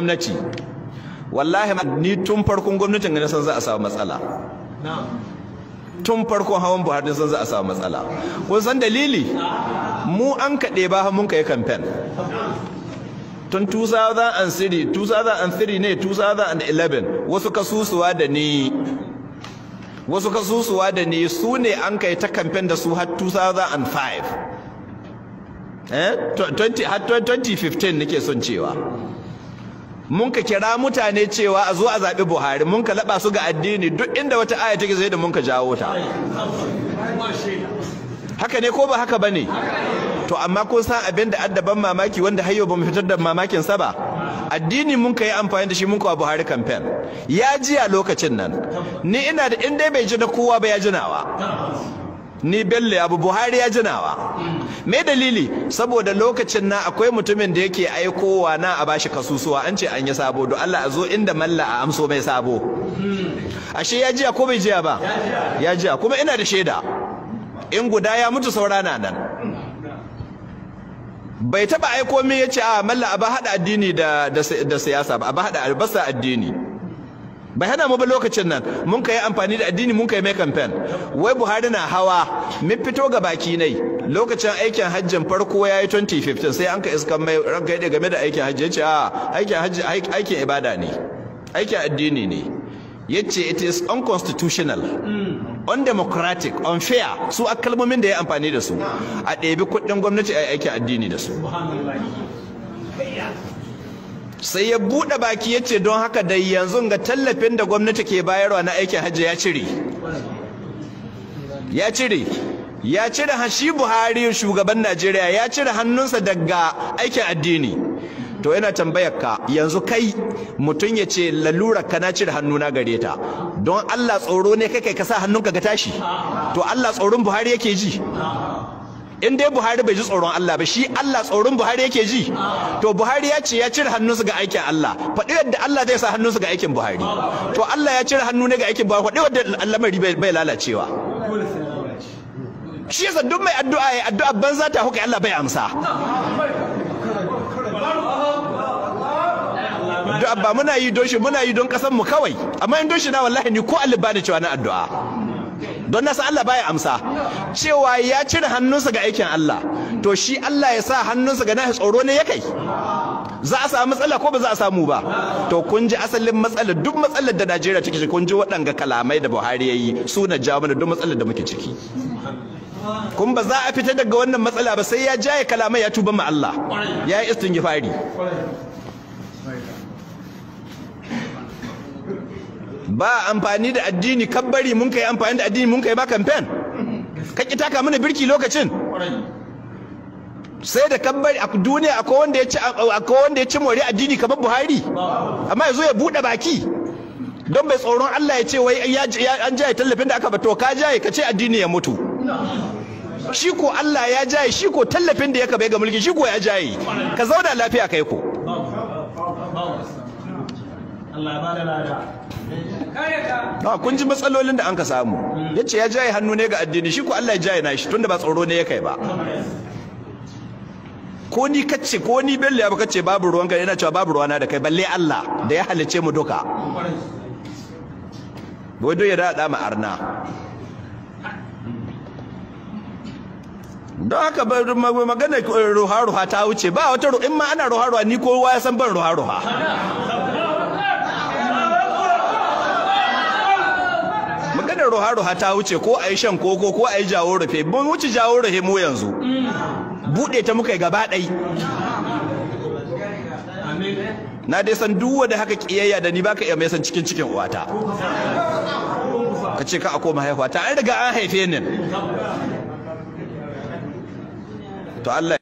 gwamnati wallahi ni tun farkon gwamnatin na san za a samu matsala tun farkon hawan buhari san za a samu matsala kun san dalili mu an kaɗe ba mun kai kamfen tun 2003 2003 ne 2011 wasu kasusuwa da ni wasu kasusuwa da ni su ne an kai ta kamfen da su har 2005 eh 20, har 2015 nake son cewa mun ka kira mutane cewa a zo a zaɓi buhari mun ka laɓa su ga addini duk inda wata aya take zai da mun ka jawo ta haka ne ko ba haka ba ne to amma kun san abin da addaban mamaki wanda hayo ba mu fitar da mamakin sa ba addini mun yi amfani da shi mun kawo Buhari campaign ya ji lokacin nan ni ina da in dai bai ji na kowa ba ya jinawa ni bello abu buhari ya jinawa me dalili saboda lokacin na akwai mutumin da yake aikowa na a bashi kasusuwa an ce an yi sabo don Allah a zo inda malla a amso mai sabo ashe ya jiya ko bai jiya ba ya jiya kuma ina da shaida in guda ya mutu saurana nan bai taba aiko min yace a ah, malla a ba hada addini da da siyasa ba a ba hada albasa addini bai hana mu ba lokacin nan mun kai amfani da addini mun kai mai kamfen. wai Buhari na hawa mun fito ga baki nai lokacin aikin hajjin farko ya yi 2015 sai an ka iska mai ranka yadda game da aikin hajji yace a ah, aikin hajji aikin ibada ne aikin addini ne yace it is unconstitutional undemocratic unfair su a kalmomin da ya amfani da su a ɗebi kuɗin gwamnati a aikin addini da su sai ya buɗe baki yace don haka dai yanzu ga tallafin da gwamnati ke bayarwa na aikin hajji ya cire ya cire ya cire hashi buhari shugaban najeriya ya cire hannunsa daga aikin addini to yana tambayar ka yanzu kai mutum ya ce lalura ka na cire hannuna gare ta don allah tsoro ne kai kai ka sa hannunka ga tashi to allah tsoron buhari yake ji in dai Buhari bai ji tsoron Allah ba shi Allah tsoron Buhari yake ji to Buhari ya ce ya cire hannunsa ga aikin Allah faɗi yadda Allah zai sa su ga aikin Buhari to Allah ya cire hannu ne ga aikin Buhari faɗi yadda al'amari bai lalacewa shi yasa duk mai addu'a ya addu'a banza ta hukai Allah bai amsa addu'a ba muna yi don shi muna yi don kasan mu kawai amma in don shi na wallahi ni ko alibani bani cewa na addu'a don nasa Allah baya amsa cewa ya cire hannunsa ga aikin Allah to shi Allah ya sa hannunsa ga nahi tsoro ne ya kai za a samu matsala ko ba za a samu ba to kun ji asalin matsalar duk matsalar da Najeriya take kun ji waɗanga kalamai da Buhari ya yi su na jawo mana duk matsalar da muke ciki kun ba za a fita daga wannan matsala ba sai ya jaye kalamai ya tuba ma Allah ya yi istingifari ba amfani da addini kabbari mun kai amfani da addini mun kai ba campaign ka ki taka mana birki lokacin sai da kabbari a duniya akwai wanda ya ci wanda ya ci mori addini kamar Buhari amma yazo ya bude baki don bai tsoron Allah ya ce wai an jaye tallafin da aka ba to ka jaye ka ce addini ya mutu shi ko Allah ya jaye shi ko tallafin da ya ka bai ga mulki shi ko ya jaye ka zauna lafiya kai ko Allah ah, kun ji matsalolin da an ka samu mm. yace ya jaye hannu ne ga addini shi ko Allah ya jaye nashi tunda ba tsoro ne ya kai ba ko ni kace ko ni bello ya ba kace babu ruwan ka yana cewa babu ruwana da kai balle Allah da ya halice mu duka do ya da ma arna don haka magana eh, ruha ruha ta wuce ba wata in ma ana ruha ruha ni kowa ya san ban ruha ruha da ruha-ruha ta wuce ko a yi shan koko ko a yi jawo rufe mun wuce jawo rufe mu yanzu buɗe ta muka yi gaba ɗai na dai san duk wanda haka kiyayya da ni baka iya mai san cikin cikin uwata ka ce ka a koma haihuwa ta an riga an haife ni to Allah